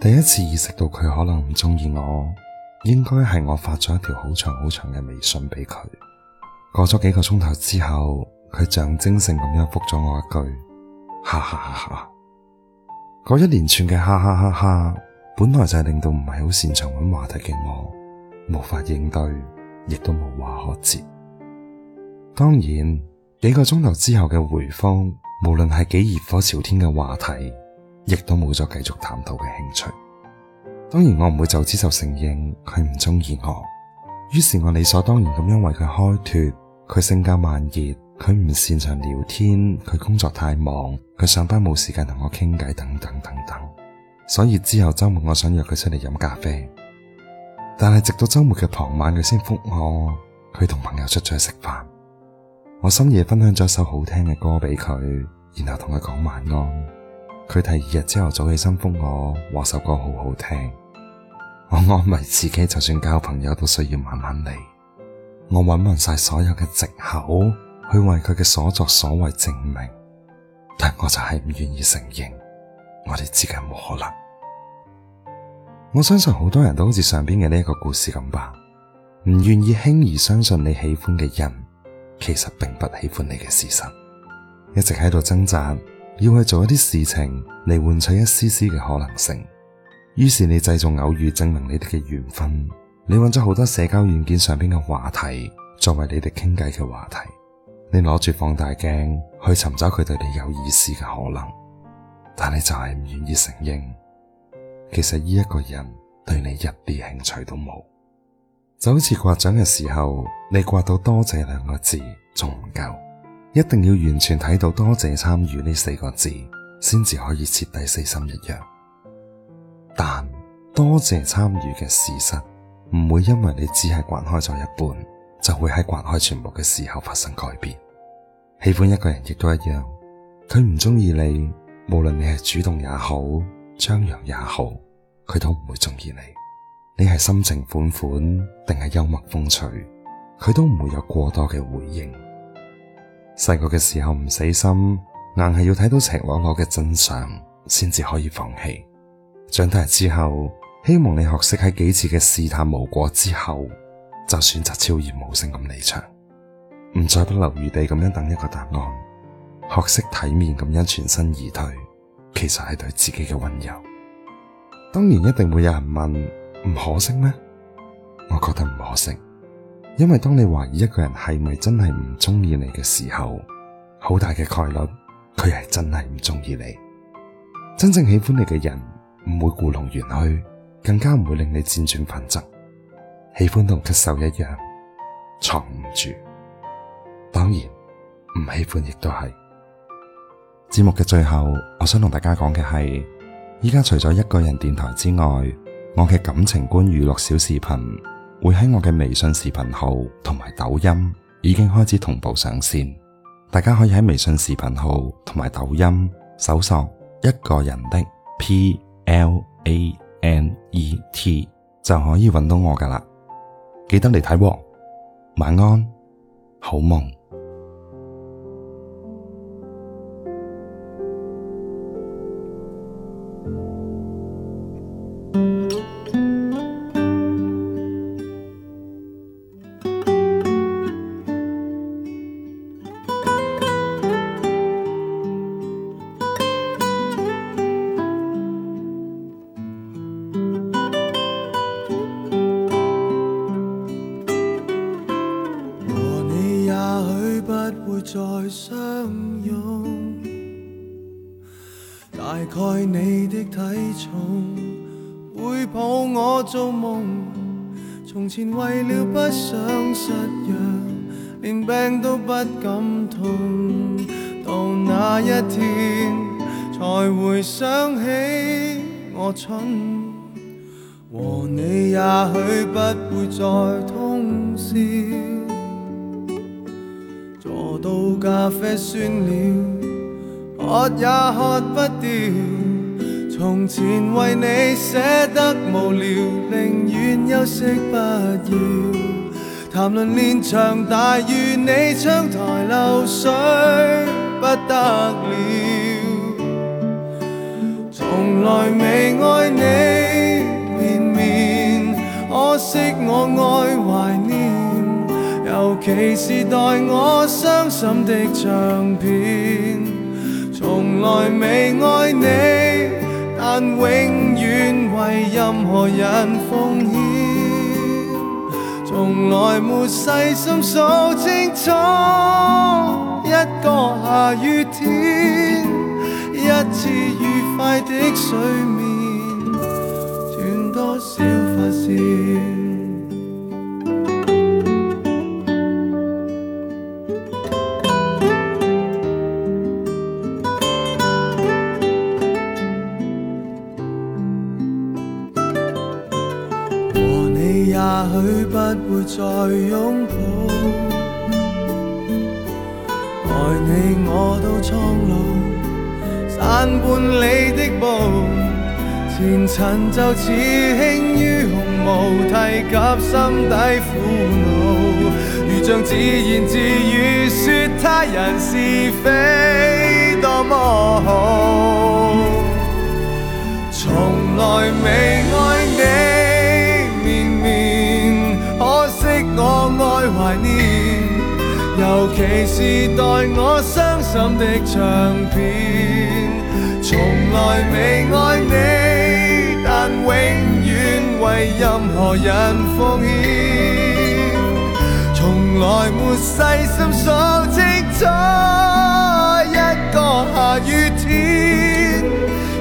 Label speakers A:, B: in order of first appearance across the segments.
A: 第一次意識到佢可能唔中意我，應該係我發咗一條好長好長嘅微信俾佢。過咗幾個鐘頭之後，佢象徵性咁樣覆咗我一句：，哈哈哈,哈。嗰一連串嘅哈哈哈哈，本來就係令到唔係好擅長揾話題嘅我，無法應對，亦都無話可接。當然，幾個鐘頭之後嘅回覆，無論係幾熱火朝天嘅話題。亦都冇咗繼續探討嘅興趣。當然我唔會就此就承認佢唔中意我，於是我理所當然咁樣為佢開脫。佢性格慢熱，佢唔擅長聊天，佢工作太忙，佢上班冇時間同我傾偈，等等等等。所以之後周末我想約佢出嚟飲咖啡，但係直到周末嘅傍晚佢先復我，佢同朋友出咗去食飯。我深夜分享咗首好聽嘅歌俾佢，然後同佢講晚安。佢第二日朝早起身復我話首歌好好聽，我安慰自己就算交朋友都需要慢慢嚟，我揾問晒所有嘅借口去為佢嘅所作所為證明，但我就係唔願意承認我哋自己冇可能。我相信好多人都好似上邊嘅呢一個故事咁吧，唔願意輕易相信你喜歡嘅人其實並不喜歡你嘅事實，一直喺度掙扎。要去做一啲事情嚟換取一絲絲嘅可能性，於是你製造偶遇證明你哋嘅緣分，你揾咗好多社交軟件上邊嘅話題作為你哋傾偈嘅話題，你攞住放大鏡去尋找佢對你有意思嘅可能，但你就係唔願意承認，其實呢一個人對你一啲興趣都冇，就好似刮獎嘅時候，你刮到多謝兩個字仲唔夠。一定要完全睇到多謝參與呢四個字，先至可以徹底死心一樣。但多謝參與嘅事實，唔會因為你只係刮開咗一半，就會喺刮開全部嘅時候發生改變。喜歡一個人亦都一樣，佢唔中意你，無論你係主動也好，張揚也好，佢都唔會中意你。你係深情款款定係幽默風趣，佢都唔會有過多嘅回應。細個嘅時候唔死心，硬係要睇到赤裸裸嘅真相先至可以放棄。長大之後，希望你學識喺幾次嘅試探無果之後，就選擇悄然無聲咁離場，唔再不留餘地咁樣等一個答案，學識體面咁樣全身而退。其實係對自己嘅溫柔。當然一定會有人問，唔可惜咩？我覺得唔可惜。因為當你懷疑一個人係咪真係唔中意你嘅時候，好大嘅概率，佢係真係唔中意你。真正喜歡你嘅人，唔會故弄玄虛，更加唔會令你輾轉反側。喜歡同咳嗽一樣，藏唔住，當然唔喜歡亦都係。節目嘅最後，我想同大家講嘅係，依家除咗一個人電台之外，我嘅感情觀娛樂小視頻。會喺我嘅微信視頻號同埋抖音已經開始同步上線，大家可以喺微信視頻號同埋抖音搜索，一個人的 P L A N E T 就可以揾到我噶啦，記得嚟睇喎，晚安，好夢。
B: 相擁，大概你的體重會抱我做夢。從前為了不想失約，連病都不敢痛。到那一天，才會想起我蠢，和你也許不會再通宵。到咖啡酸了，喝也喝不掉。從前為你捨得無聊，寧願休息不要。談論連場大雨，你窗台漏水不得了。從來未愛你片面，可惜我愛懷念。其時代我傷心的相片，從來未愛你，但永遠為任何人奉獻。從來沒細心數清楚一個下雨天，一次愉快的睡眠，斷多少髮線。也許不會再擁抱，待你我都蒼老，散半里的步，前塵就似輕於鴻毛，提及心底苦惱，如像自言自語説他人是非，多麼好，從來未。其是代，我傷心的唱片，從來未愛你，但永遠為任何人奉獻。從來沒細心數清楚一個下雨天，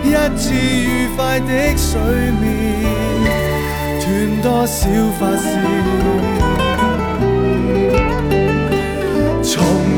B: 一次愉快的睡眠，斷多少髮線。